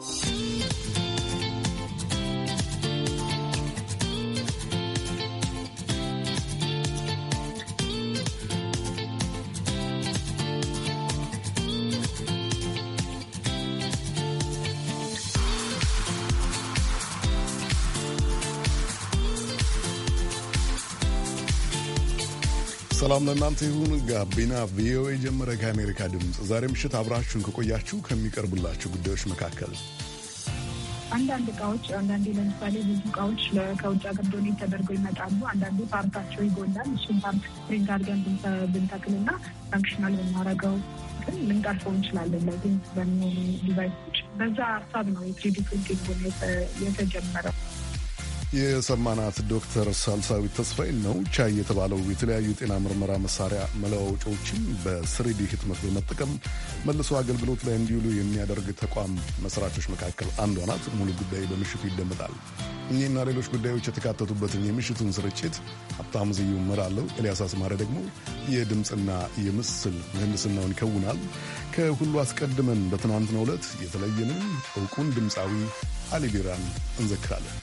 you ሰላም ለእናንተ ይሁን። ጋቢና ቪኦኤ ጀመረ። ከአሜሪካ ድምፅ ዛሬ ምሽት አብራችሁን ከቆያችሁ ከሚቀርቡላችሁ ጉዳዮች መካከል አንዳንድ እቃዎች አንዳንዴ ለምሳሌ ብዙ እቃዎች ከውጭ ሀገር ዶኔት ተደርገው ይመጣሉ። አንዳንዴ ፓርታቸው ይጎላል። እሱም ፓርት ፕሪንት አድርገን ብንተክልና ፋንክሽናል ብናረገው ግን ልንቀርፈው እንችላለን። ለዚህ በሚሆኑ ዲቫይሶች በዛ ሀሳብ ነው የትሪዲ ፕሪንቲንግ የተጀመረው። የሰማናት ዶክተር ሳልሳዊት ተስፋዬን ነው። ቻይ የተባለው የተለያዩ የጤና ምርመራ መሳሪያ መለዋወጫዎችን በስሪዲ ህትመት በመጠቀም መልሶ አገልግሎት ላይ እንዲውሉ የሚያደርግ ተቋም መስራቾች መካከል አንዷ ናት። ሙሉ ጉዳይ በምሽቱ ይደመጣል። እኚህና ሌሎች ጉዳዮች የተካተቱበትን የምሽቱን ስርጭት ሀብታሙ ዝዩ እመራለሁ። ኤልያስ አስማረ ደግሞ የድምፅና የምስል ምህንድስናውን ይከውናል። ከሁሉ አስቀድመን በትናንትናው ዕለት የተለየንም እውቁን ድምፃዊ አሊቢራን እንዘክራለን።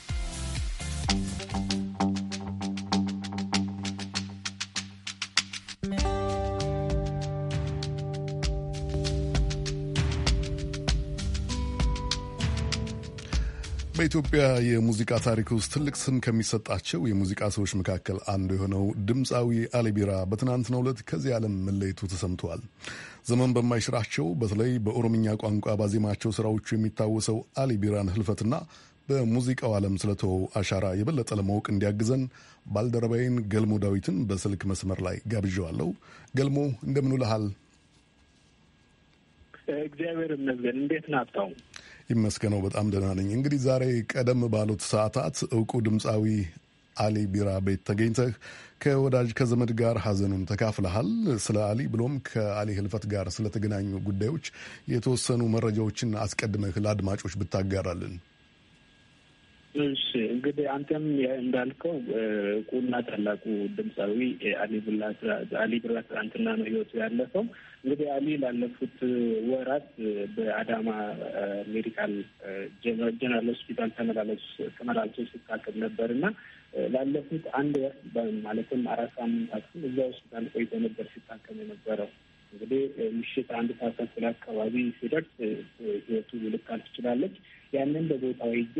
በኢትዮጵያ የሙዚቃ ታሪክ ውስጥ ትልቅ ስም ከሚሰጣቸው የሙዚቃ ሰዎች መካከል አንዱ የሆነው ድምፃዊ አሊቢራ በትናንትናው ዕለት ከዚህ ዓለም መለየቱ ተሰምተዋል። ዘመን በማይሽራቸው በተለይ በኦሮምኛ ቋንቋ ባዜማቸው ስራዎቹ የሚታወሰው አሊቢራን ህልፈትና በሙዚቃው ዓለም ስለተወው አሻራ የበለጠ ለማወቅ እንዲያግዘን ባልደረባይን ገልሞ ዳዊትን በስልክ መስመር ላይ ጋብዣዋለሁ። ገልሞ እንደምን ውለሃል? እግዚአብሔር ይመስገን። እንዴት ናብታው? ይመስገነው። በጣም ደህና ነኝ። እንግዲህ ዛሬ ቀደም ባሉት ሰዓታት እውቁ ድምፃዊ አሊ ቢራ ቤት ተገኝተህ ከወዳጅ ከዘመድ ጋር ሀዘኑን ተካፍለሃል። ስለ አሊ ብሎም ከአሊ ህልፈት ጋር ስለተገናኙ ጉዳዮች የተወሰኑ መረጃዎችን አስቀድመህ ለአድማጮች ብታጋራልን። እሺ እንግዲህ አንተም እንዳልከው ቁና ታላቁ ድምፃዊ አሊ ብራ ትናንትና ነው ህይወቱ ያለፈው። እንግዲህ አሊ ላለፉት ወራት በአዳማ ሜዲካል ጀነራል ሆስፒታል ተመላልሶ ሲታከም ነበር እና ላለፉት አንድ ወር ማለትም አራት ሳምንታት እዛ ሆስፒታል ቆይቶ ነበር ሲታከም የነበረው። እንግዲህ ምሽት አንድ ሰዓት ተኩል አካባቢ ሲደርስ ህይወቱ ልታልፍ ትችላለች። ያንን በቦታው ሄጄ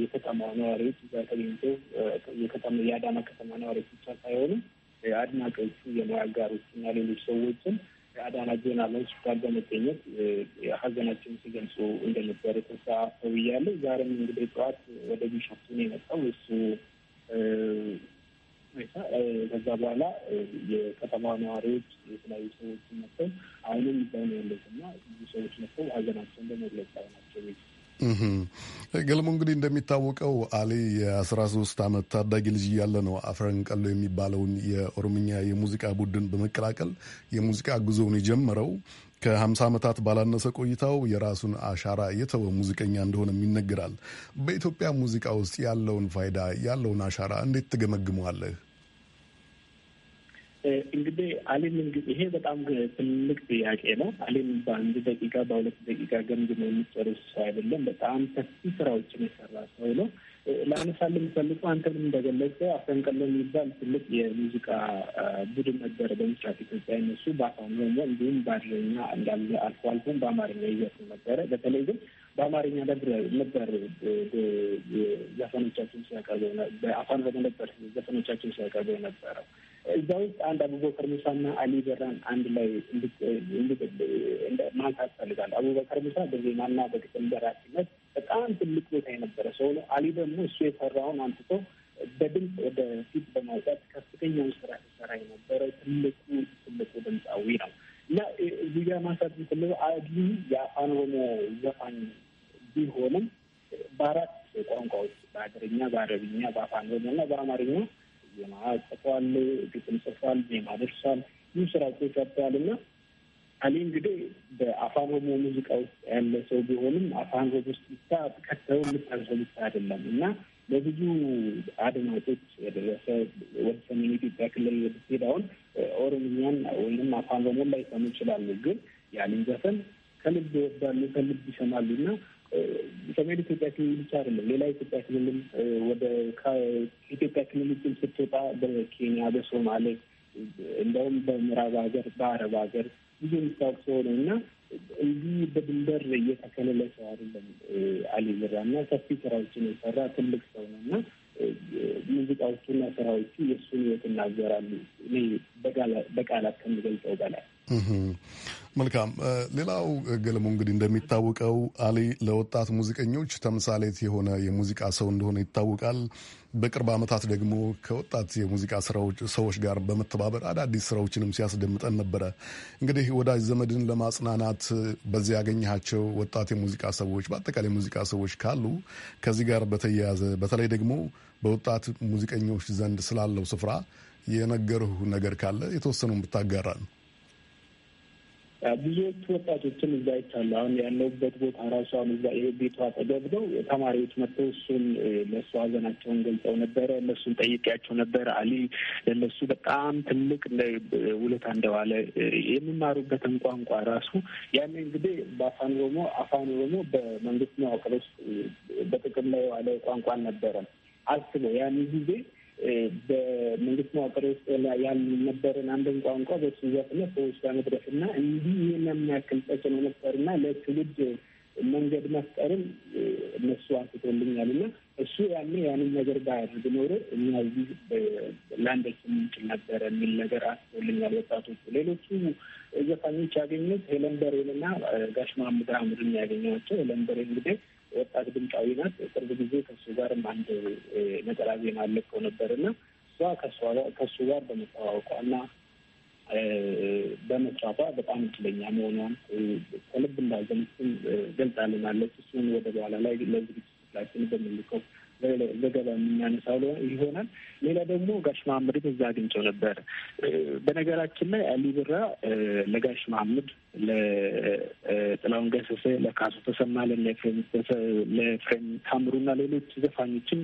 የከተማ ነዋሪዎች እዛ ተገኝቶ የአዳማ ከተማ ነዋሪዎች ብቻ ሳይሆኑ አድናቂዎቹ፣ የሙያ አጋሮቹ እና ሌሎች ሰዎችን አዳማ ጆርናሎች ጋር በመገኘት ሀዘናቸውን ሲገልጹ እንደነበረ ተስፋ ተብያለሁ። ዛሬም እንግዲህ ጠዋት ወደ ቢሾፍቱ የመጣው እሱ ከዛ በኋላ የከተማ ነዋሪዎች የተለያዩ ሰዎች መጥተው አሁንም ይዛው ነው ያለት እና ብዙ ሰዎች መጥተው ሀዘናቸውን በመግለጽ ላይ ናቸው ቤት ገለሞ እንግዲህ እንደሚታወቀው አሊ የ13 ዓመት ታዳጊ ልጅ እያለ ነው አፍረን ቀሎ የሚባለውን የኦሮምኛ የሙዚቃ ቡድን በመቀላቀል የሙዚቃ ጉዞውን የጀመረው። ከ50 ዓመታት ባላነሰ ቆይታው የራሱን አሻራ የተወ ሙዚቀኛ እንደሆነም ይነገራል። በኢትዮጵያ ሙዚቃ ውስጥ ያለውን ፋይዳ ያለውን አሻራ እንዴት ትገመግመዋለህ? እንግዲህ አሊም እንግዲህ ይሄ በጣም ትልቅ ጥያቄ ነው። አሊም በአንድ ደቂቃ በሁለት ደቂቃ ገምግሞ የሚጨርስ ሰው አይደለም። በጣም ሰፊ ስራዎችን የሰራ ሰው ነው። ለአነሳል የምፈልጉ አንተም እንደገለጸ አፈንቀለ የሚባል ትልቅ የሙዚቃ ቡድን ነበረ በምስራት ኢትዮጵያ። እነሱ በአፋኖሞ እንዲሁም በአድረኛ እንዳለ አልፎ አልፎም በአማርኛ እያሱ ነበረ። በተለይ ግን በአማርኛ ነበር ዘፈኖቻችን ሲያቀርበ በአፋን ነበር ዘፈኖቻችን ሲያቀርበ ነበረው እዛ ውስጥ አንድ አቡበከር ሙሳና አሊ በራን አንድ ላይ ማንሳት ፈልጋለሁ። አቡበከር ሙሳ በዜማና በግጥም ደራሲነት በጣም ትልቅ ቦታ የነበረ ሰው ነው። አሊ ደግሞ እሱ የሰራውን አንስቶ በድምፅ ወደ ፊት በማውጣት ከፍተኛውን ስራ ሲሰራ የነበረ ትልቁ ትልቁ ድምፃዊ ነው እና እዚህ ማንሳት ምትለው አሊ የአፋን ኦሮሞ ዘፋኝ ቢሆንም በአራት ቋንቋዎች በአገርኛ፣ በአረብኛ፣ በአፋን ኦሮሞ እና በአማርኛ ዜማ ጽፏል፣ ግጥም ጽፏል፣ ዜማ ደርሷል፣ ብዙ ስራዎች ሰርተዋል እና አሊ እንግዲህ በአፋን ኦሮሞ ሙዚቃ ውስጥ ያለ ሰው ቢሆንም አፋን ኦሮሞ ውስጥ ብቻ ከተው የምታዘው ብቻ አይደለም እና ለብዙ አድማጮች የደረሰ ወደ ሰሜን ኢትዮጵያ ክልል ስትሄድ ኦሮምኛን ወይም አፋን ኦሮሞን ላይሰሙ ይችላሉ። ግን የአሊን ዘፈን ከልብ ይወዳሉ፣ ከልብ ይሰማሉ እና ሰሜን ኢትዮጵያ ክልል ብቻ አይደለም፣ ሌላ ኢትዮጵያ ክልልም ወደ ኢትዮጵያ ክልል ውጭም ስትወጣ በኬንያ፣ በሶማሌ እንደውም በምዕራብ ሀገር፣ በአረብ ሀገር ብዙ የሚታወቅ ሰው ነው እና እንዲህ በድንበር እየተከለለ ሰው አይደለም አሊ ቢራ እና ሰፊ ስራዎችን የሰራ ትልቅ ሰው ነው እና ሙዚቃዎቹና ስራዎቹ የእሱን ህይወት እናገራሉ በቃላት ከምገልጸው በላይ መልካም። ሌላው ገለሞ እንግዲህ እንደሚታወቀው አሊ ለወጣት ሙዚቀኞች ተምሳሌት የሆነ የሙዚቃ ሰው እንደሆነ ይታወቃል። በቅርብ ዓመታት ደግሞ ከወጣት የሙዚቃ ሰዎች ጋር በመተባበር አዳዲስ ስራዎችንም ሲያስደምጠን ነበረ። እንግዲህ ወዳጅ ዘመድን ለማጽናናት በዚያ ያገኘሃቸው ወጣት የሙዚቃ ሰዎች፣ በአጠቃላይ ሙዚቃ ሰዎች ካሉ ከዚህ ጋር በተያያዘ በተለይ ደግሞ በወጣት ሙዚቀኞች ዘንድ ስላለው ስፍራ የነገርሁ ነገር ካለ የተወሰኑን ብታጋራ ነው። ብዙዎቹ ወጣቶችን እዛ ይታሉ። አሁን ያለውበት ቦታ ራሷን እዛ ይሄ ቤቷ አጠገብ ነው። ተማሪዎች መጥተው እሱን ለእሱ ሀዘናቸውን ገልጸው ነበረ። እነሱን ጠይቄያቸው ነበረ። አሊ ለእነሱ በጣም ትልቅ ውለታ እንደዋለ የሚማሩበትን ቋንቋ ራሱ ያን እንግዲህ በአፋን ኦሮሞ አፋን ኦሮሞ በመንግስት መዋቅር ውስጥ በጥቅም ላይ የዋለ ቋንቋ አልነበረም። አስበው ያን ጊዜ በመንግስት መዋቅር ውስጥ ያሉ ነበርን አንድን ቋንቋ በሱ ዘፍነ ሰዎች ለመድረስ እና እንዲህ ይህን የሚያክል ተጽዕኖ መፍጠርና ለትውልድ መንገድ መፍጠርም እነሱ አንስቶልኛል እና እሱ ያኔ ያንን ነገር ባያደርግ ኖሮ እኛ እዚህ ለአንደች ምንችል ነበረ የሚል ነገር አንስቶልኛል። ወጣቶቹ ሌሎቹ ዘፋኞች ያገኙት ሄለን በሬንና ጋሽ ማሙድ አህመድን ያገኘዋቸው ሄለን በሬን እንግዲህ ወጣት ድምፃዊ ናት። ቅርብ ጊዜ ከሱ ጋርም አንድ ነጠላ ዜማ ለቀው ነበር እና እሷ ከሱ ጋር በመተዋወቋ እና በመስራቷ በጣም እድለኛ መሆኗን ከልብ እንዳዘነችም ገልጻልናለች። እሱን ወደ በኋላ ላይ ለዝግጅት ላችን በምንልከው ዘገባ የምናነሳው ይሆናል። ሌላ ደግሞ ጋሽ መሀመድን እዛ አግኝቸው ነበር። በነገራችን ላይ አሊ ብራ ለጋሽ መሀመድ፣ ለጥላሁን ገሰሰ፣ ለካሱ ተሰማ፣ ለፍሬም ታምሩና ሌሎች ዘፋኞችም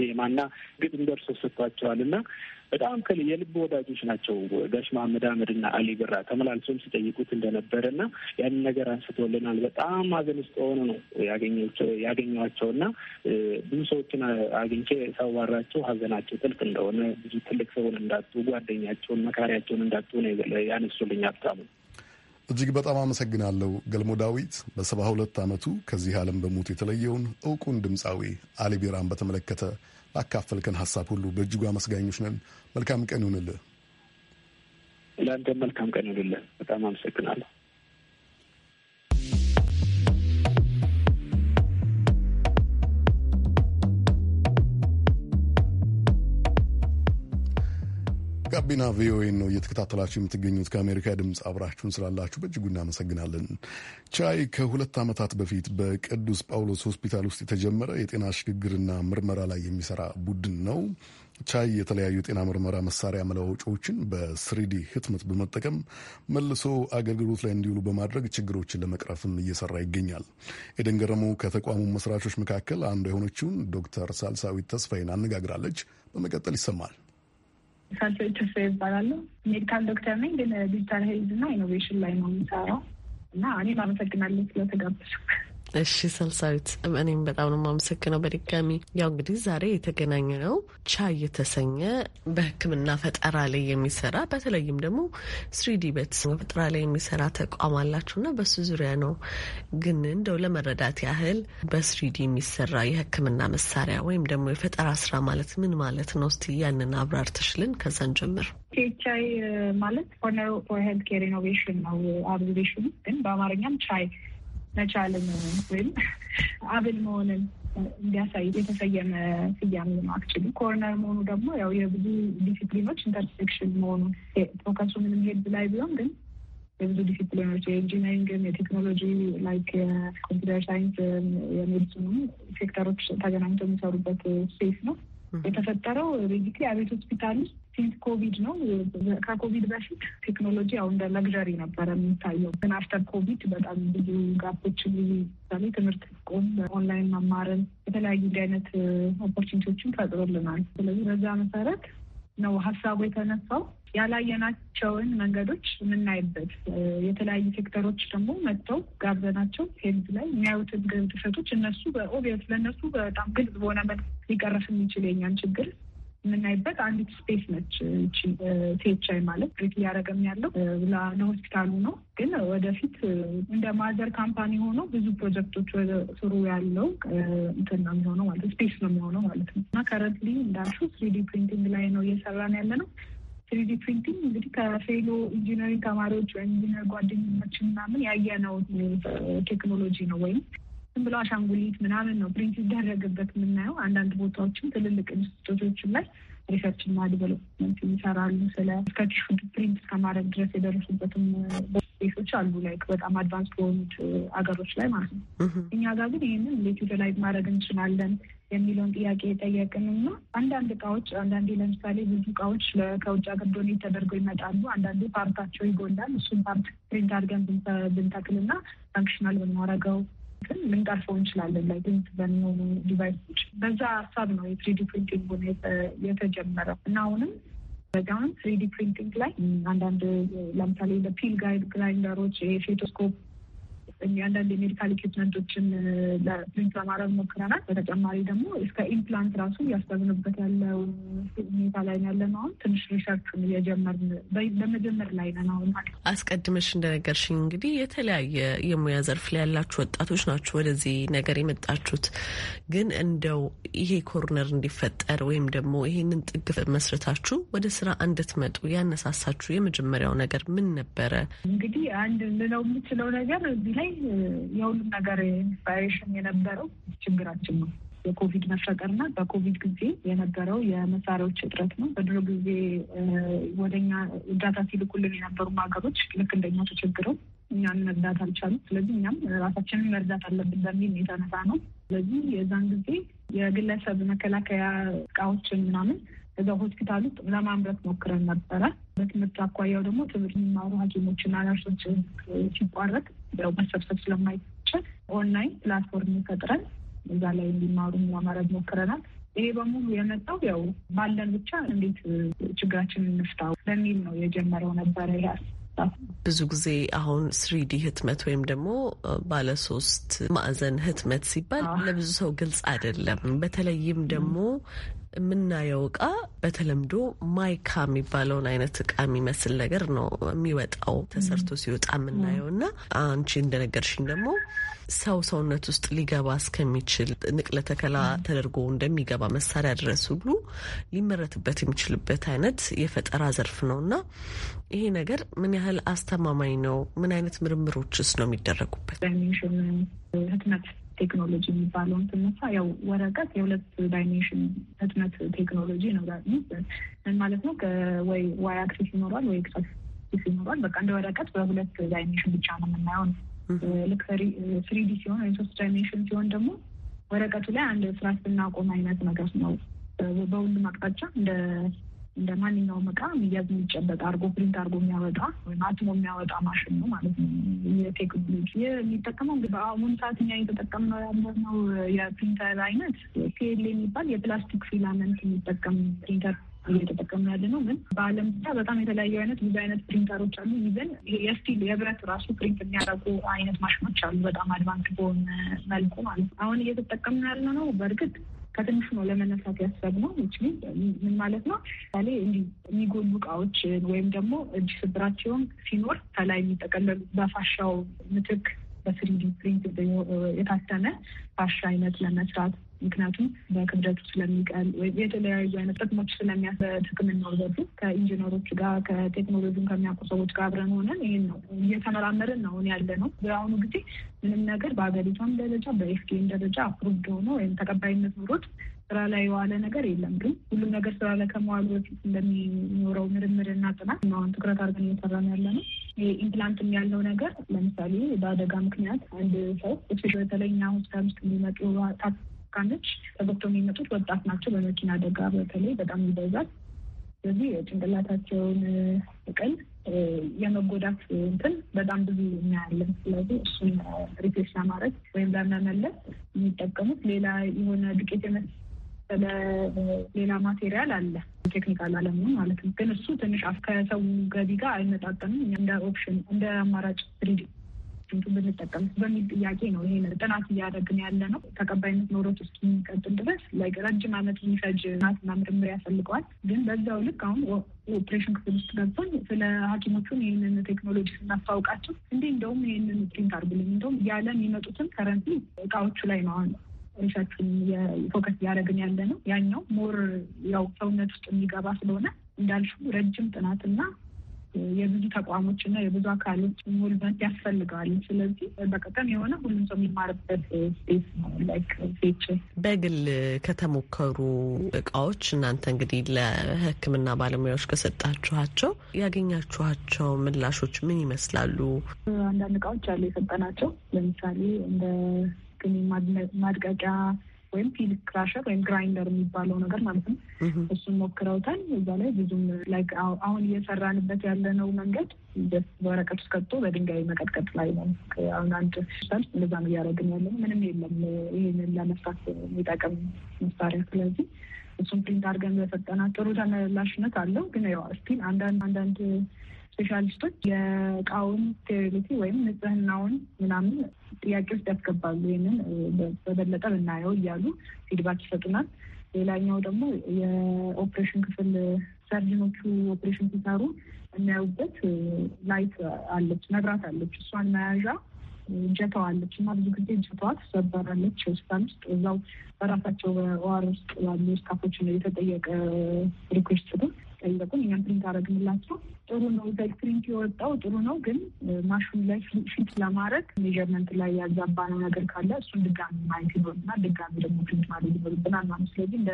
ዜማና ግጥም ደርሶ ሰጥቷቸዋል እና በጣም ከል የልብ ወዳጆች ናቸው ጋሽ መሀመድ አህመድና አሊ ብራ ተመላልሶም ሲጠይቁት እንደነበረ እና ያንን ነገር አንስቶልናል። በጣም ሀዘን ውስጥ ሆነ ነው ያገኘዋቸው እና ብዙ ሰዎችን አግኝቼ ሳዋራቸው ሀዘናቸው ጥልቅ እንደሆነ ብዙ ትልቅ ሰውን እንዳጡ፣ ጓደኛቸውን መካሪያቸውን እንዳጡ ነው ያነሱልኝ። ሀብታሙ እጅግ በጣም አመሰግናለሁ። ገልሞ ዳዊት በሰባ ሁለት ዓመቱ ከዚህ ዓለም በሞት የተለየውን እውቁን ድምፃዊ አሊ ቢራን በተመለከተ ላካፈልከን ሀሳብ ሁሉ በእጅጉ አመስጋኞች ነን። መልካም ቀን ይሁንልህ። ለአንተ መልካም ቀን ይሁንልህ። በጣም አመሰግናለሁ። ጋቢና ቪኦኤ ነው እየተከታተላችሁ የምትገኙት። ከአሜሪካ ድምፅ አብራችሁን ስላላችሁ በእጅጉ እናመሰግናለን። ቻይ ከሁለት ዓመታት በፊት በቅዱስ ጳውሎስ ሆስፒታል ውስጥ የተጀመረ የጤና ሽግግርና ምርመራ ላይ የሚሰራ ቡድን ነው። ቻይ የተለያዩ የጤና ምርመራ መሳሪያ መለዋወጫዎችን በስሪዲ ህትመት በመጠቀም መልሶ አገልግሎት ላይ እንዲውሉ በማድረግ ችግሮችን ለመቅረፍም እየሰራ ይገኛል። ኤደን ገረመው ከተቋሙ መስራቾች መካከል አንዱ የሆነችውን ዶክተር ሳልሳዊት ተስፋዬን አነጋግራለች። በመቀጠል ይሰማል። ሳቸው ጭፌ ይባላሉ። ሜዲካል ዶክተር ነኝ፣ ግን ዲጂታል ሄልዝ እና ኢኖቬሽን ላይ ነው የሚሰራው እና እኔም አመሰግናለሁ ስለተጋበዝኩ። እሺ ሰልሳዊት፣ እኔም በጣም ነው የማመሰግነው። በድጋሚ ያው እንግዲህ ዛሬ የተገናኘ ነው ቻይ የተሰኘ በሕክምና ፈጠራ ላይ የሚሰራ በተለይም ደግሞ ስሪዲ በተሰኘ ፈጠራ ላይ የሚሰራ ተቋም አላችሁ እና በሱ ዙሪያ ነው። ግን እንደው ለመረዳት ያህል በስሪዲ የሚሰራ የሕክምና መሳሪያ ወይም ደግሞ የፈጠራ ስራ ማለት ምን ማለት ነው? እስቲ ያንን አብራርተሽልን ከዛን ጀምር። ቻይ ማለት ፎር ኬር ኢኖቬሽን ነው አብሪቬሽኑ፣ ግን በአማርኛም ቻይ መቻልን ወይም አብል መሆንን እንዲያሳይ የተሰየመ ስያሜ ነው። አክቹዋሊ ኮርነር መሆኑ ደግሞ ያው የብዙ ዲሲፕሊኖች ኢንተርሴክሽን መሆኑ ፎከሱ ምንም ሄድ ላይ ቢሆን ግን የብዙ ዲሲፕሊኖች የኢንጂነሪንግም፣ የቴክኖሎጂ ላይክ የኮምፒውተር ሳይንስ፣ የሜዲሲኑ ሴክተሮች ተገናኝተው የሚሰሩበት ስፔስ ነው የተፈጠረው ቤዚክሊ አቤት ሆስፒታል ውስጥ ሲንስ ኮቪድ ነው። ከኮቪድ በፊት ቴክኖሎጂ ያው እንደ ለግዠሪ ነበረ የሚታየው፣ ግን አፍተር ኮቪድ በጣም ብዙ ጋፖችን ብዙ ምሳሌ ትምህርት ቆም ኦንላይን መማርን የተለያዩ እንዲ አይነት ኦፖርቹኒቲዎችን ፈጥሮልናል። ስለዚህ በዛ መሰረት ነው ሀሳቡ የተነሳው ያላየናቸውን መንገዶች የምናይበት የተለያዩ ሴክተሮች ደግሞ መጥተው ጋብዘናቸው ሄልዝ ላይ የሚያዩትን ግብጥሰቶች እነሱ በኦቪየስ ለእነሱ በጣም ግልጽ በሆነ መልክ ሊቀረፍ የሚችል የኛን ችግር የምናይበት አንዲት ስፔስ ነች። እቺ ቴቻይ ማለት ግሬት ሊያደረገም ያለው ለሆስፒታሉ ነው። ግን ወደፊት እንደ ማዘር ካምፓኒ ሆኖ ብዙ ፕሮጀክቶች ወደ ስሩ ያለው እንትን ነው የሚሆነው ማለት ስፔስ ነው የሚሆነው ማለት ነው እና ከረንትሊ እንዳልሹ ስሪዲ ፕሪንቲንግ ላይ ነው እየሰራን ያለ ነው። ስሪዲ ፕሪንቲንግ እንግዲህ ከፌሎ ኢንጂነሪንግ ተማሪዎች ወይም ኢንጂነር ጓደኞች ምናምን ያየነው ቴክኖሎጂ ነው ወይም ዝም ብሎ አሻንጉሊት ምናምን ነው ፕሪንት ሲደረግበት የምናየው። አንዳንድ ቦታዎችም ትልልቅ ኢንስቲትዩቶችም ላይ ሪሰርች እና ዲቨሎፕመንት ይሰራሉ። ስለ እስከ ቲሹ ፕሪንት እስከማድረግ ድረስ የደረሱበትም ቤቶች አሉ፣ ላይክ በጣም አድቫንስ በሆኑት አገሮች ላይ ማለት ነው። እኛ ጋር ግን ይህንን እንዴት ዩቲላይዝ ማድረግ እንችላለን የሚለውን ጥያቄ የጠየቅን እና አንዳንድ እቃዎች አንዳንዴ ለምሳሌ ብዙ እቃዎች ከውጭ ሀገር ዶኔት ተደርገው ይመጣሉ። አንዳንዴ ፓርታቸው ይጎላል። እሱን ፓርት ፕሪንት አድርገን ብንተክል ብንተክልና ፋንክሽናል ብናረገው ልንቀርፈው እንችላለን። ላይ ሊንክ በሚሆኑ ዲቫይሶች በዛ ሀሳብ ነው የትሪዲ ፕሪንቲንግ የተጀመረው እና አሁንም በጋውን ትሪዲ ፕሪንቲንግ ላይ አንዳንድ ለምሳሌ ለፒል ጋይድ ግራይንደሮች የፌቶስኮፕ አንዳንድ የሜዲካል ኢኩፕመንቶችን ለፕሪንት ለማድረግ ሞክረናል። በተጨማሪ ደግሞ እስከ ኢምፕላንት ራሱ እያሰብንበት ያለው ሁኔታ ላይ ያለ ነው። አሁን ትንሽ ሪሰርች እየጀመርን በመጀመር ላይ ነን። አሁን አስቀድመሽ እንደነገርሽኝ እንግዲህ የተለያየ የሙያ ዘርፍ ላይ ያላችሁ ወጣቶች ናችሁ ወደዚህ ነገር የመጣችሁት። ግን እንደው ይሄ ኮርነር እንዲፈጠር ወይም ደግሞ ይሄንን ጥግ መስረታችሁ ወደ ስራ እንድትመጡ ያነሳሳችሁ የመጀመሪያው ነገር ምን ነበረ? እንግዲህ አንድ ልለው የምችለው ነገር እዚህ ላይ የሁሉም ነገር ኢንስፓይሬሽን የነበረው ችግራችን ነው። የኮቪድ መፈጠርና በኮቪድ ጊዜ የነበረው የመሳሪያዎች እጥረት ነው። በድሮ ጊዜ ወደኛ እርዳታ ሲልኩልን የነበሩ ሀገሮች ልክ እንደኛ ተቸግረው እኛን መርዳት አልቻሉ። ስለዚህ እኛም ራሳችንን መርዳት አለብን በሚል የተነሳ ነው። ስለዚህ የዛን ጊዜ የግለሰብ መከላከያ እቃዎችን ምናምን እዛ ሆስፒታል ውስጥ ለማምረት ሞክረን ነበረ። በትምህርት አኳያው ደግሞ ትምህርት የሚማሩ ሐኪሞችና ነርሶች ሲቋረጥ ያው መሰብሰብ ስለማይችል ኦንላይን ፕላትፎርም ይፈጥረን እዛ ላይ እንዲማሩ ማማረግ ሞክረናል። ይሄ በሙሉ የመጣው ያው ባለን ብቻ እንዴት ችግራችን እንፍታው በሚል ነው የጀመረው ነበረ ያል ብዙ ጊዜ አሁን ስሪዲ ህትመት ወይም ደግሞ ባለሶስት ማዕዘን ህትመት ሲባል ለብዙ ሰው ግልጽ አይደለም። በተለይም ደግሞ የምናየው እቃ በተለምዶ ማይካ የሚባለውን አይነት እቃ የሚመስል ነገር ነው የሚወጣው ተሰርቶ ሲወጣ የምናየው እና አንቺ እንደነገርሽኝ ደግሞ ሰው ሰውነት ውስጥ ሊገባ እስከሚችል ንቅለ ተከላ ተደርጎ እንደሚገባ መሳሪያ ድረስ ሁሉ ሊመረትበት የሚችልበት አይነት የፈጠራ ዘርፍ ነው እና ይሄ ነገር ምን ያህል አስተማማኝ ነው? ምን አይነት ምርምሮችስ ነው የሚደረጉበት? ቴክኖሎጂ የሚባለውን ስነሳ ያው ወረቀት የሁለት ዳይሜንሽን ህትመት ቴክኖሎጂ ነው። ምን ማለት ነው? ወይ ዋይ አክሲስ ይኖሯል ወይ ኤክስ አክሲስ ይኖራል። በቃ እንደ ወረቀት በሁለት ዳይሜንሽን ብቻ ነው የምናየው ነው። ልክ ስሪዲ ሲሆን ወይም ሶስት ዳይሜንሽን ሲሆን ደግሞ ወረቀቱ ላይ አንድ ስራ ስናቆም አይነት ነገር ነው። በሁሉም አቅጣጫ እንደ እንደ ማንኛውም እቃ የሚያዝ የሚጨበጥ አርጎ ፕሪንት አርጎ የሚያወጣ ወይም አትሞ የሚያወጣ ማሽን ነው ማለት ነው። የቴክኖሎጂ የሚጠቀመው እንግዲህ በአሁኑ ሰዓት እኛ የተጠቀምነው ያለነው የፕሪንተር አይነት ፒኤል የሚባል የፕላስቲክ ፊላመንት የሚጠቀም ፕሪንተር እየተጠቀሙ ያለ ነው። ግን በዓለም ብቻ በጣም የተለያዩ አይነት ብዙ አይነት ፕሪንተሮች አሉ። ይዘን የስቲል የብረት ራሱ ፕሪንት የሚያደርጉ አይነት ማሽኖች አሉ። በጣም አድቫንስ በሆነ መልኩ ማለት ነው። አሁን እየተጠቀምን ያለ ነው። በእርግጥ ከትንሹ ነው ለመነሳት ያሰብነው። ምን ማለት ነው? ለምሳሌ የሚጎሉ እቃዎችን ወይም ደግሞ እጅ ስብራቸውን ሲኖር ከላይ የሚጠቀለሉ በፋሻው ምትክ በስሪዲ ፕሪንት የታተመ ፋሻ አይነት ለመስራት ምክንያቱም በክብደቱ ስለሚቀል የተለያዩ አይነት ጥቅሞች ስለሚያሰጥ ሕክምናው ዘርፉ ከኢንጂነሮች ጋር ከቴክኖሎጂን ከሚያውቁ ሰዎች ጋር አብረን ሆነን ይህን ነው እየተመራመርን ነው ያለ ነው። በአሁኑ ጊዜ ምንም ነገር በሀገሪቷም ደረጃ በኤፍዲኤም ደረጃ አፕሩቭድ ሆኖ ወይም ተቀባይነት ኑሮት ስራ ላይ የዋለ ነገር የለም። ግን ሁሉም ነገር ስራ ላይ ከመዋሉ በፊት እንደሚኖረው ምርምርና ጥናት አሁን ትኩረት አድርገን እየሰራን ያለ ነው። ኢምፕላንትም ያለው ነገር ለምሳሌ በአደጋ ምክንያት አንድ ሰው በተለይ እኛ ሆስፒታል ውስጥ የሚመጡ ተጠቃሚዎች ተጎድተው የሚመጡት ወጣት ናቸው። በመኪና አደጋ በተለይ በጣም ይበዛል። ስለዚህ ጭንቅላታቸውን እቅል የመጎዳት እንትን በጣም ብዙ እናያለን። ስለዚህ እሱን ሪፕሌስ ለማድረግ ወይም ለመመለስ የሚጠቀሙት ሌላ የሆነ ዱቄት የመሰለ ሌላ ማቴሪያል አለ፣ ቴክኒካል አለም ነው ማለት ነው። ግን እሱ ትንሽ ከሰው ገቢ ጋር አይመጣጠንም። እንደ ኦፕሽን እንደ አማራጭ ትሪዲ ሴቶቹን ብንጠቀም በሚል ጥያቄ ነው ይሄ ጥናት እያደረግን ያለ ነው። ተቀባይነት ኖሮት እስኪቀጥል ድረስ ላይ ረጅም ዓመት የሚፈጅ ጥናትና ምርምር ያስፈልገዋል። ግን በዛው ልክ አሁን ኦፕሬሽን ክፍል ውስጥ ገብተን ስለ ሐኪሞቹን ይህንን ቴክኖሎጂ ስናስታውቃቸው እንዲህ እንደውም ይህንን ፕሪንት አርጉልኝ እንደውም ያለ የሚመጡትን ከረንት እቃዎቹ ላይ ነው አሁን ሪሰርቹን ፎከስ እያደረግን ያለ ነው። ያኛው ሞር ያው ሰውነት ውስጥ የሚገባ ስለሆነ እንዳልሽው ረጅም ጥናትና የብዙ ተቋሞች እና የብዙ አካሎች ኢንቮልቭመንት ያስፈልገዋል። ስለዚህ በቀጠም የሆነ ሁሉም ሰው የሚማርበት ስፔስ ነው። ላይክ በግል ከተሞከሩ እቃዎች እናንተ እንግዲህ ለሕክምና ባለሙያዎች ከሰጣችኋቸው ያገኛችኋቸው ምላሾች ምን ይመስላሉ? አንዳንድ እቃዎች አሉ የሰጠናቸው። ለምሳሌ እንደ ማድቀቂያ ወይም ፒል ክራሸር ወይም ግራይንደር የሚባለው ነገር ማለት ነው። እሱን ሞክረውታል። እዛ ላይ ብዙም ላይክ አሁን እየሰራንበት ያለነው መንገድ በወረቀት ውስጥ ቀጥቶ በድንጋይ መቀጥቀጥ ላይ ነው። አሁን አንድ ሰል እንደዛም እያደረግን ያለነው። ምንም የለም ይህንን ለመፍታት የሚጠቅም መሳሪያ ስለዚህ እሱም ፕሪንት አድርገን በሰጠናት ጥሩ ተመላሽነት አለው። ግን ያው ስቲል አንዳንድ አንዳንድ ስፔሻሊስቶች የእቃውን ስቴሪሊቲ ወይም ንጽህናውን ምናምን ጥያቄ ውስጥ ያስገባሉ። ይህንን በበለጠ ልናየው እያሉ ፊድባክ ይሰጡናል። ሌላኛው ደግሞ የኦፕሬሽን ክፍል ሰርጅኖቹ ኦፕሬሽን ሲሰሩ የሚያዩበት ላይት አለች፣ መብራት አለች። እሷን መያዣ እጀታዋ አለች እና ብዙ ጊዜ እጀታዋ ትሰበራለች። ሆስፒታል ውስጥ እዛው በራሳቸው በዋር ውስጥ ያሉ ስታፎች ነው የተጠየቀ ሪኩዌስት ነው። ጠየቁን። እኛም ፕሪንት አደረግንላቸው። ጥሩ ነው ዛይት ፕሪንት የወጣው ጥሩ ነው፣ ግን ማሽኑ ላይ ፊት ለማድረግ ሜዥርመንት ላይ ያዛባ ነው ነገር ካለ እሱን ድጋሚ ማየት ይኖርና ድጋሚ ደግሞ ፕሪንት ማድረግ ይኖርብናል ማለት ስለዚህ እንደ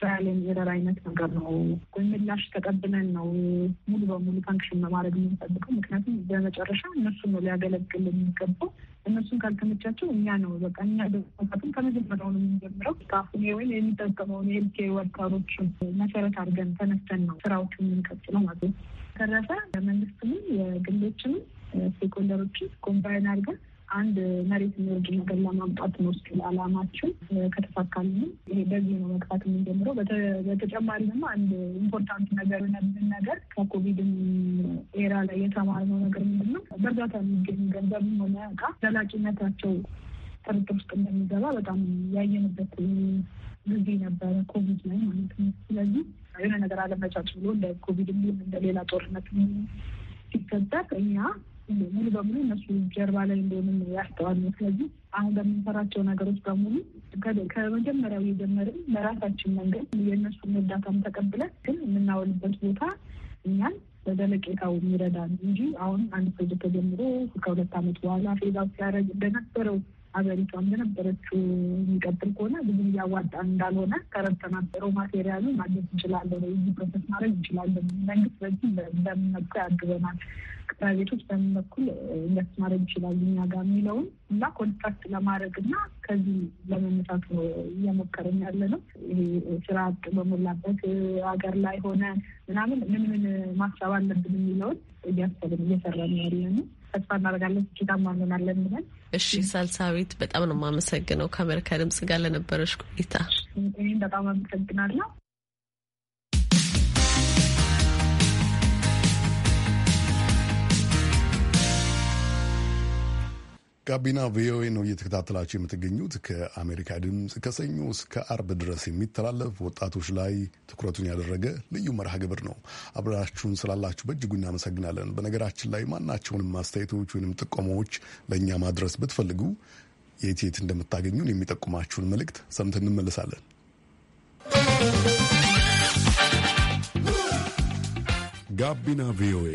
ትራያል ኤንድ ኤረር አይነት ነገር ነው። ወይ ምላሽ ተቀብለን ነው ሙሉ በሙሉ ፋንክሽን ለማድረግ የምንጠብቀው። ምክንያቱም በመጨረሻ እነሱ ነው ሊያገለግል የሚገባው እነሱን ካልተመቻቸው እኛ ነው በቃ እኛ ከመጀመሪያው ነው የምንጀምረው። ካፍኔ ወይም የሚጠቀመውን የሄልኬ ወርካሮችን መሰረት አድርገን ተነስተን ነው ስራዎቹ የምንቀጥለው ማለት ነው። ተረፈ መንግስትንም የግሎችንም ስቴክሆልደሮችን ኮምባይን አድርገን አንድ መሬት የሚወርድ ነገር ለማምጣት ነው ስል አላማችን ከተሳካልንም ይሄ በዚህ ነው መቅፋት የምንጀምረው። በተጨማሪ ደግሞ አንድ ኢምፖርታንት ነገር ነብን ነገር ከኮቪድም ኤራ ላይ የተማርነው ነገር ምንድን ነው በእርዳታ የሚገኝ ገንዘብ ሆነ እቃ ዘላቂነታቸው ጥርጥር ውስጥ እንደሚገባ በጣም ያየንበት ጊዜ ነበረ ኮቪድ ላይ ማለት ነው። ስለዚህ የሆነ ነገር አለመቻች ብሎ እንደ ኮቪድ እንዲሁም እንደሌላ ጦርነት ሲፈጠር እኛ ሙሉ በሙሉ እነሱ ጀርባ ላይ እንደሆነ ያስተዋል። ስለዚህ አሁን በምንሰራቸው ነገሮች በሙሉ ከመጀመሪያው የጀመርን በራሳችን መንገድ የእነሱን እርዳታም ተቀብለን ግን የምናወልበት ቦታ እኛን በዘለቄታው የሚረዳን እንጂ አሁን አንድ ፕሮጀክት ተጀምሮ ከሁለት ዓመት በኋላ ፌዛው ሲያደርግ እንደነበረው ሀገሪቷ እንደነበረችው የሚቀጥል ከሆነ ብዙ እያዋጣ እንዳልሆነ ከረተናበረው ማቴሪያሉ ማግኘት እንችላለን ወይ ፕሮሰስ ማድረግ እንችላለን። መንግስት በዚህ በምን በኩል ያግበናል፣ ቅጥራ ቤቶች በምን በኩል ኢንቨስት ማድረግ ይችላሉ እኛ ጋር የሚለውን እና ኮንትራክት ለማድረግ እና ከዚህ ለመነሳት ነው እየሞከርን ያለ ነው። ይሄ ስራ አጥ በሞላበት ሀገር ላይ ሆነ ምናምን ምን ምን ማሰብ አለብን የሚለውን እያሰብን እየሰራን ያለ ነው። ተስፋ እናደርጋለን ስኬታማ እንሆናለን ብለን እሺ ሳልሳዊት፣ በጣም ነው የማመሰግነው ከአሜሪካ ድምጽ ጋር ለነበረች ቆይታ። በጣም አመሰግናለሁ። ጋቢና ቪኦኤ ነው እየተከታተላችሁ የምትገኙት። ከአሜሪካ ድምፅ ከሰኞ እስከ አርብ ድረስ የሚተላለፍ ወጣቶች ላይ ትኩረቱን ያደረገ ልዩ መርሃ ግብር ነው። አብራችሁን ስላላችሁ በእጅጉ እናመሰግናለን። በነገራችን ላይ ማናቸውንም ማስተያየቶች ወይም ጥቆማዎች ለእኛ ማድረስ ብትፈልጉ የት የት እንደምታገኙን የሚጠቁማችሁን መልእክት ሰምተን እንመለሳለን። ጋቢና ቪኦኤ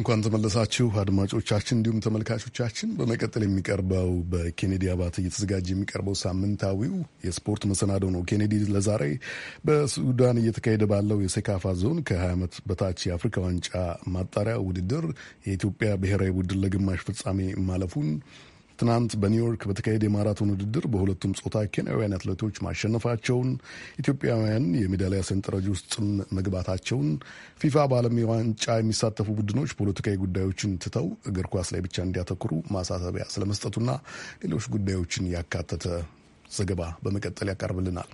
እንኳን ተመለሳችሁ አድማጮቻችን፣ እንዲሁም ተመልካቾቻችን። በመቀጠል የሚቀርበው በኬኔዲ አባት እየተዘጋጀ የሚቀርበው ሳምንታዊው የስፖርት መሰናዶ ነው። ኬኔዲ ለዛሬ በሱዳን እየተካሄደ ባለው የሴካፋ ዞን ከ20 ዓመት በታች የአፍሪካ ዋንጫ ማጣሪያ ውድድር የኢትዮጵያ ብሔራዊ ቡድን ለግማሽ ፍጻሜ ማለፉን ትናንት በኒውዮርክ በተካሄደ የማራቶን ውድድር በሁለቱም ጾታ ኬንያውያን አትሌቶች ማሸነፋቸውን፣ ኢትዮጵያውያን የሜዳሊያ ሰንጠረዥ ውስጥም መግባታቸውን፣ ፊፋ በዓለም ዋንጫ የሚሳተፉ ቡድኖች ፖለቲካዊ ጉዳዮችን ትተው እግር ኳስ ላይ ብቻ እንዲያተኩሩ ማሳሰቢያ ስለመስጠቱና ሌሎች ጉዳዮችን ያካተተ ዘገባ በመቀጠል ያቀርብልናል።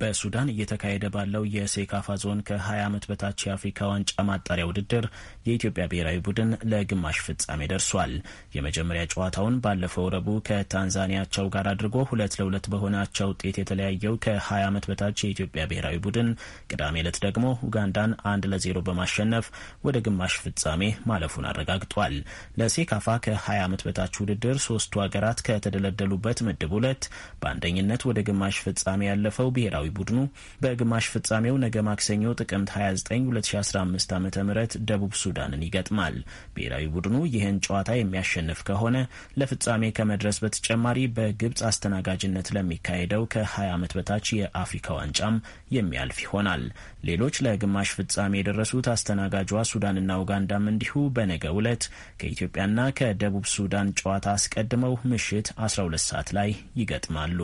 በሱዳን እየተካሄደ ባለው የሴካፋ ዞን ከ20 ዓመት በታች የአፍሪካ ዋንጫ ማጣሪያ ውድድር የኢትዮጵያ ብሔራዊ ቡድን ለግማሽ ፍጻሜ ደርሷል። የመጀመሪያ ጨዋታውን ባለፈው ረቡዕ ከታንዛኒያቸው ጋር አድርጎ ሁለት ለሁለት በሆነ ውጤት የተለያየው ከ20 ዓመት በታች የኢትዮጵያ ብሔራዊ ቡድን ቅዳሜ ዕለት ደግሞ ኡጋንዳን አንድ ለዜሮ በማሸነፍ ወደ ግማሽ ፍጻሜ ማለፉን አረጋግጧል። ለሴካፋ ከ20 ዓመት በታች ውድድር ሶስቱ ሀገራት ከተደለደሉበት ምድብ ሁለት በአንደኝነት ወደ ግማሽ ፍጻሜ ያለፈው ብሔራዊ ብሔራዊ ቡድኑ በግማሽ ፍጻሜው ነገ ማክሰኞ ጥቅምት 29 2015 ዓ ም ደቡብ ሱዳንን ይገጥማል። ብሔራዊ ቡድኑ ይህን ጨዋታ የሚያሸንፍ ከሆነ ለፍጻሜ ከመድረስ በተጨማሪ በግብፅ አስተናጋጅነት ለሚካሄደው ከ20 ዓመት በታች የአፍሪካ ዋንጫም የሚያልፍ ይሆናል። ሌሎች ለግማሽ ፍጻሜ የደረሱት አስተናጋጇ ሱዳንና ኡጋንዳም እንዲሁ በነገ ዕለት ከኢትዮጵያና ከደቡብ ሱዳን ጨዋታ አስቀድመው ምሽት 12 ሰዓት ላይ ይገጥማሉ።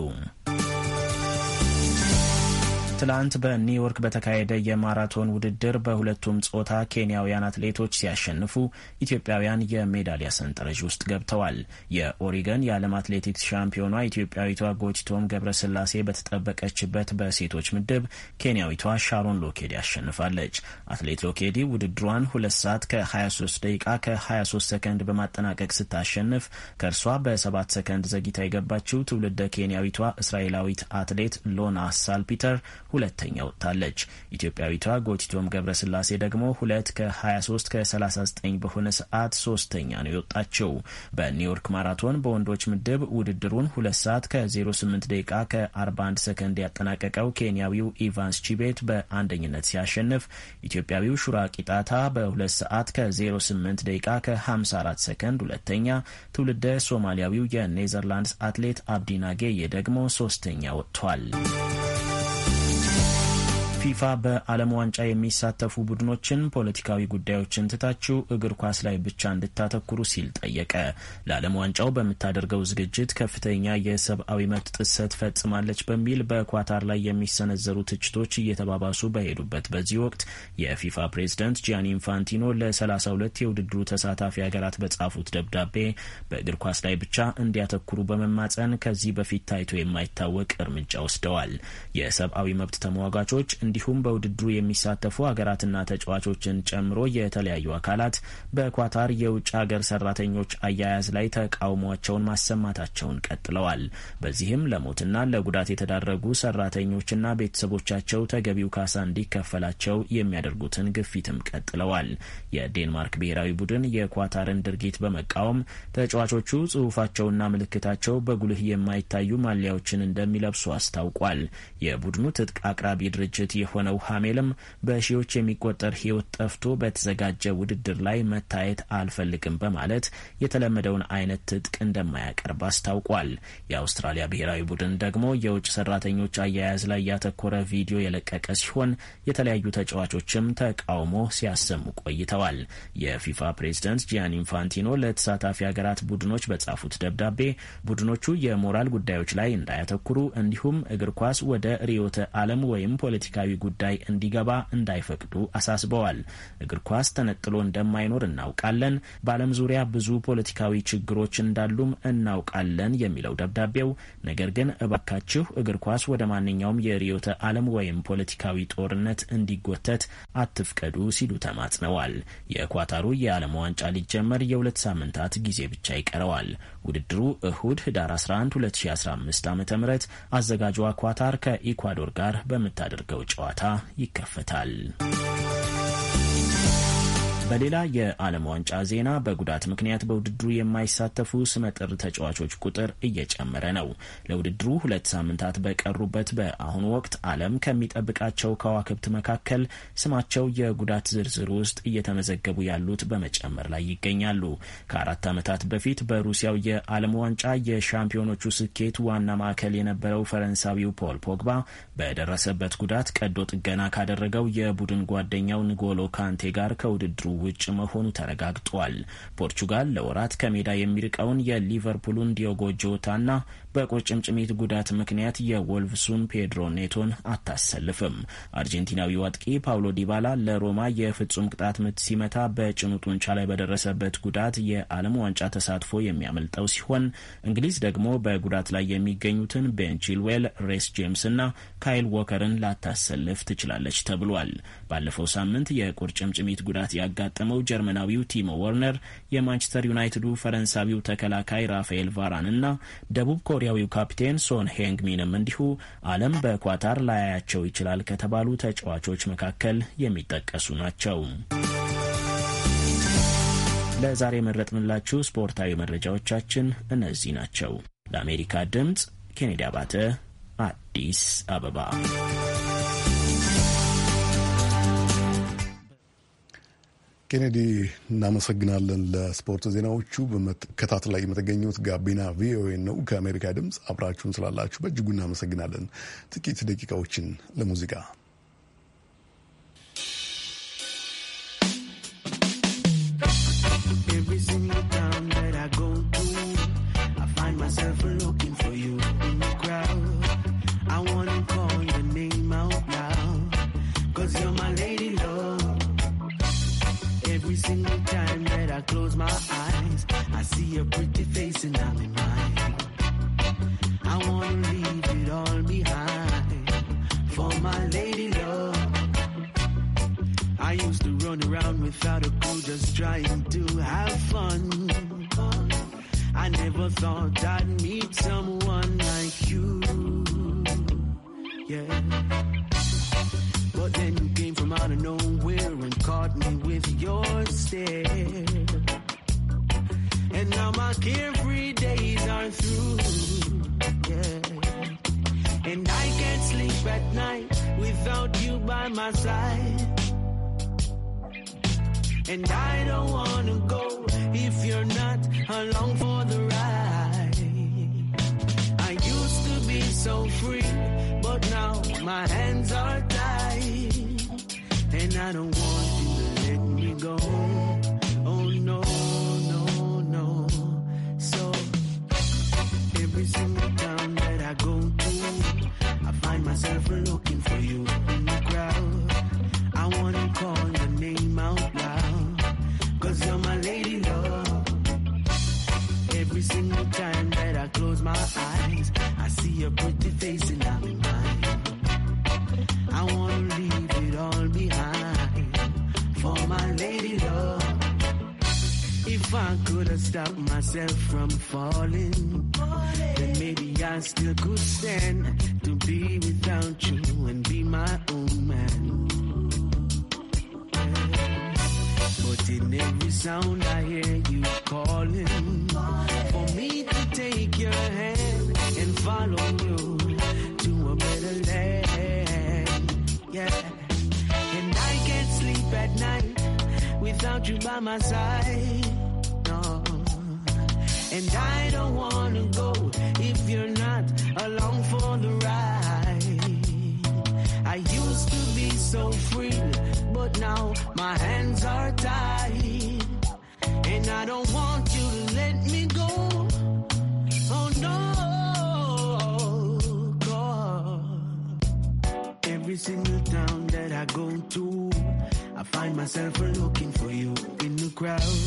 ትላንት በኒውዮርክ በተካሄደ የማራቶን ውድድር በሁለቱም ጾታ ኬንያውያን አትሌቶች ሲያሸንፉ ኢትዮጵያውያን የሜዳሊያ ሰንጠረዥ ውስጥ ገብተዋል። የኦሪገን የዓለም አትሌቲክስ ሻምፒዮኗ ኢትዮጵያዊቷ ጎቲቶም ገብረስላሴ በተጠበቀችበት በሴቶች ምድብ ኬንያዊቷ ሻሮን ሎኬዲ አሸንፋለች። አትሌት ሎኬዲ ውድድሯን ሁለት ሰዓት ከ23 ደቂቃ ከ23 ሰከንድ በማጠናቀቅ ስታሸንፍ ከእርሷ በሰባት ሰከንድ ዘግይታ የገባችው ትውልደ ኬንያዊቷ እስራኤላዊት አትሌት ሎና ሳልፒተር ሁለተኛ ወጥታለች። ኢትዮጵያዊቷ ጎቲቶም ገብረስላሴ ደግሞ ሁለት ከ23 ከ39 በሆነ ሰዓት ሶስተኛ ነው የወጣቸው። በኒውዮርክ ማራቶን በወንዶች ምድብ ውድድሩን ሁለት ሰዓት ከ08 ደቂቃ ከ41 ሰከንድ ያጠናቀቀው ኬንያዊው ኢቫንስ ቺቤት በአንደኝነት ሲያሸንፍ ኢትዮጵያዊው ሹራ ቂጣታ በሁለት ሰዓት ከ08 ደቂቃ ከ54 ሰከንድ ሁለተኛ፣ ትውልደ ሶማሊያዊው የኔዘርላንድስ አትሌት አብዲናጌዬ ደግሞ ሶስተኛ ወጥቷል። ፊፋ በዓለም ዋንጫ የሚሳተፉ ቡድኖችን ፖለቲካዊ ጉዳዮችን ትታችሁ እግር ኳስ ላይ ብቻ እንድታተኩሩ ሲል ጠየቀ። ለዓለም ዋንጫው በምታደርገው ዝግጅት ከፍተኛ የሰብአዊ መብት ጥሰት ፈጽማለች በሚል በኳታር ላይ የሚሰነዘሩ ትችቶች እየተባባሱ በሄዱበት በዚህ ወቅት የፊፋ ፕሬዝደንት ጂያኒ ኢንፋንቲኖ ለ32 የውድድሩ ተሳታፊ ሀገራት በጻፉት ደብዳቤ በእግር ኳስ ላይ ብቻ እንዲያተኩሩ በመማጸን ከዚህ በፊት ታይቶ የማይታወቅ እርምጃ ወስደዋል። የሰብአዊ መብት ተሟጋቾች እንዲሁም በውድድሩ የሚሳተፉ ሀገራትና ተጫዋቾችን ጨምሮ የተለያዩ አካላት በኳታር የውጭ ሀገር ሰራተኞች አያያዝ ላይ ተቃውሟቸውን ማሰማታቸውን ቀጥለዋል። በዚህም ለሞትና ለጉዳት የተዳረጉ ሰራተኞችና ቤተሰቦቻቸው ተገቢው ካሳ እንዲከፈላቸው የሚያደርጉትን ግፊትም ቀጥለዋል። የዴንማርክ ብሔራዊ ቡድን የኳታርን ድርጊት በመቃወም ተጫዋቾቹ ጽሁፋቸውና ምልክታቸው በጉልህ የማይታዩ ማሊያዎችን እንደሚለብሱ አስታውቋል። የቡድኑ ትጥቅ አቅራቢ ድርጅት የሆነው ሀሜልም በሺዎች የሚቆጠር ሕይወት ጠፍቶ በተዘጋጀ ውድድር ላይ መታየት አልፈልግም በማለት የተለመደውን አይነት ትጥቅ እንደማያቀርብ አስታውቋል። የአውስትራሊያ ብሔራዊ ቡድን ደግሞ የውጭ ሰራተኞች አያያዝ ላይ ያተኮረ ቪዲዮ የለቀቀ ሲሆን የተለያዩ ተጫዋቾችም ተቃውሞ ሲያሰሙ ቆይተዋል። የፊፋ ፕሬዝደንት ጂያን ኢንፋንቲኖ ለተሳታፊ ሀገራት ቡድኖች በጻፉት ደብዳቤ ቡድኖቹ የሞራል ጉዳዮች ላይ እንዳያተኩሩ እንዲሁም እግር ኳስ ወደ ርዕዮተ ዓለም ወይም ፖለቲካዊ ውስጣዊ ጉዳይ እንዲገባ እንዳይፈቅዱ አሳስበዋል። እግር ኳስ ተነጥሎ እንደማይኖር እናውቃለን፣ በዓለም ዙሪያ ብዙ ፖለቲካዊ ችግሮች እንዳሉም እናውቃለን የሚለው ደብዳቤው፣ ነገር ግን እባካችሁ እግር ኳስ ወደ ማንኛውም የርዕዮተ ዓለም ወይም ፖለቲካዊ ጦርነት እንዲጎተት አትፍቀዱ ሲሉ ተማጽነዋል። የኳታሩ የዓለም ዋንጫ ሊጀመር የሁለት ሳምንታት ጊዜ ብቻ ይቀረዋል። ውድድሩ እሁድ ህዳር 11 2015 ዓ ም አዘጋጇ ኳታር ከኢኳዶር ጋር በምታደርገው ጨዋታ ይከፈታል። በሌላ የዓለም ዋንጫ ዜና በጉዳት ምክንያት በውድድሩ የማይሳተፉ ስመጥር ተጫዋቾች ቁጥር እየጨመረ ነው። ለውድድሩ ሁለት ሳምንታት በቀሩበት በአሁኑ ወቅት ዓለም ከሚጠብቃቸው ከዋክብት መካከል ስማቸው የጉዳት ዝርዝር ውስጥ እየተመዘገቡ ያሉት በመጨመር ላይ ይገኛሉ። ከአራት ዓመታት በፊት በሩሲያው የዓለም ዋንጫ የሻምፒዮኖቹ ስኬት ዋና ማዕከል የነበረው ፈረንሳዊው ፖል ፖግባ በደረሰበት ጉዳት ቀዶ ጥገና ካደረገው የቡድን ጓደኛው ንጎሎ ካንቴ ጋር ከውድድሩ ውጭ መሆኑ ተረጋግጧል። ፖርቹጋል ለወራት ከሜዳ የሚርቀውን የሊቨርፑሉን ዲዮጎ ጆታና በቁርጭምጭሚት ጉዳት ምክንያት የወልቭሱን ፔድሮ ኔቶን አታሰልፍም። አርጀንቲናዊው አጥቂ ፓውሎ ዲባላ ለሮማ የፍጹም ቅጣት ምት ሲመታ በጭኑ ጡንቻ ላይ በደረሰበት ጉዳት የዓለም ዋንጫ ተሳትፎ የሚያመልጠው ሲሆን እንግሊዝ ደግሞ በጉዳት ላይ የሚገኙትን ቤን ቺልዌል፣ ሬስ ጄምስ እና ካይል ወከርን ላታሰልፍ ትችላለች ተብሏል። ባለፈው ሳምንት የቁርጭምጭሚት ጉዳት ያጋጠመው ጀርመናዊው ቲሞ ወርነር የማንቸስተር ዩናይትዱ ፈረንሳዊው ተከላካይ ራፋኤል ቫራን እና ደቡብ ኮሪያዊው ካፕቴን ሶን ሄንግ ሚንም እንዲሁ ዓለም በኳታር ላያያቸው ይችላል ከተባሉ ተጫዋቾች መካከል የሚጠቀሱ ናቸው። ለዛሬ የመረጥንላችሁ ስፖርታዊ መረጃዎቻችን እነዚህ ናቸው። ለአሜሪካ ድምፅ ኬኔዲ አባተ አዲስ አበባ ኬኔዲ እናመሰግናለን ለስፖርት ዜናዎቹ። በመከታተል ላይ የምትገኙት ጋቢና ቪኦኤ ነው። ከአሜሪካ ድምፅ አብራችሁን ስላላችሁ በእጅጉ እናመሰግናለን። ጥቂት ደቂቃዎችን ለሙዚቃ your pretty face and I'm in mine. I wanna leave it all behind for my lady love. I used to run around without a clue, just trying to have fun. I never thought I'd meet someone like you. Yeah. But then you came from out of nowhere and caught me with your stare. by my side. And I don't wanna go if you're not along for the ride. I used to be so free, but now my hands are tied. And I don't want you to let me go. Oh no, no, no. So every single time that I go to, I find myself looking for you. could have stopped myself from falling, then maybe I still could stand to be without you and be my own man. But in every sound I hear you calling for me to take your hand and follow you to a better land. Yeah. And I can't sleep at night without you by my side. And I don't wanna go if you're not along for the ride. I used to be so free, but now my hands are tied. And I don't want you to let me go. Oh no. Every single town that I go to, I find myself looking for you in the crowd.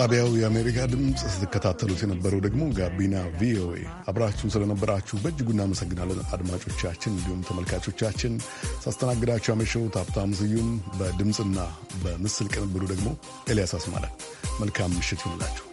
ጣቢያው የአሜሪካ ድምፅ። ስትከታተሉት የነበረው ደግሞ ጋቢና ቪኦኤ። አብራችሁን ስለነበራችሁ በእጅጉ እናመሰግናለን አድማጮቻችን፣ እንዲሁም ተመልካቾቻችን። ሳስተናግዳችሁ ያመሸሁት ሀብታሙ ስዩም፣ በድምፅና በምስል ቅንብሩ ደግሞ ኤልያስ አስማለ። መልካም ምሽት ይሁንላችሁ።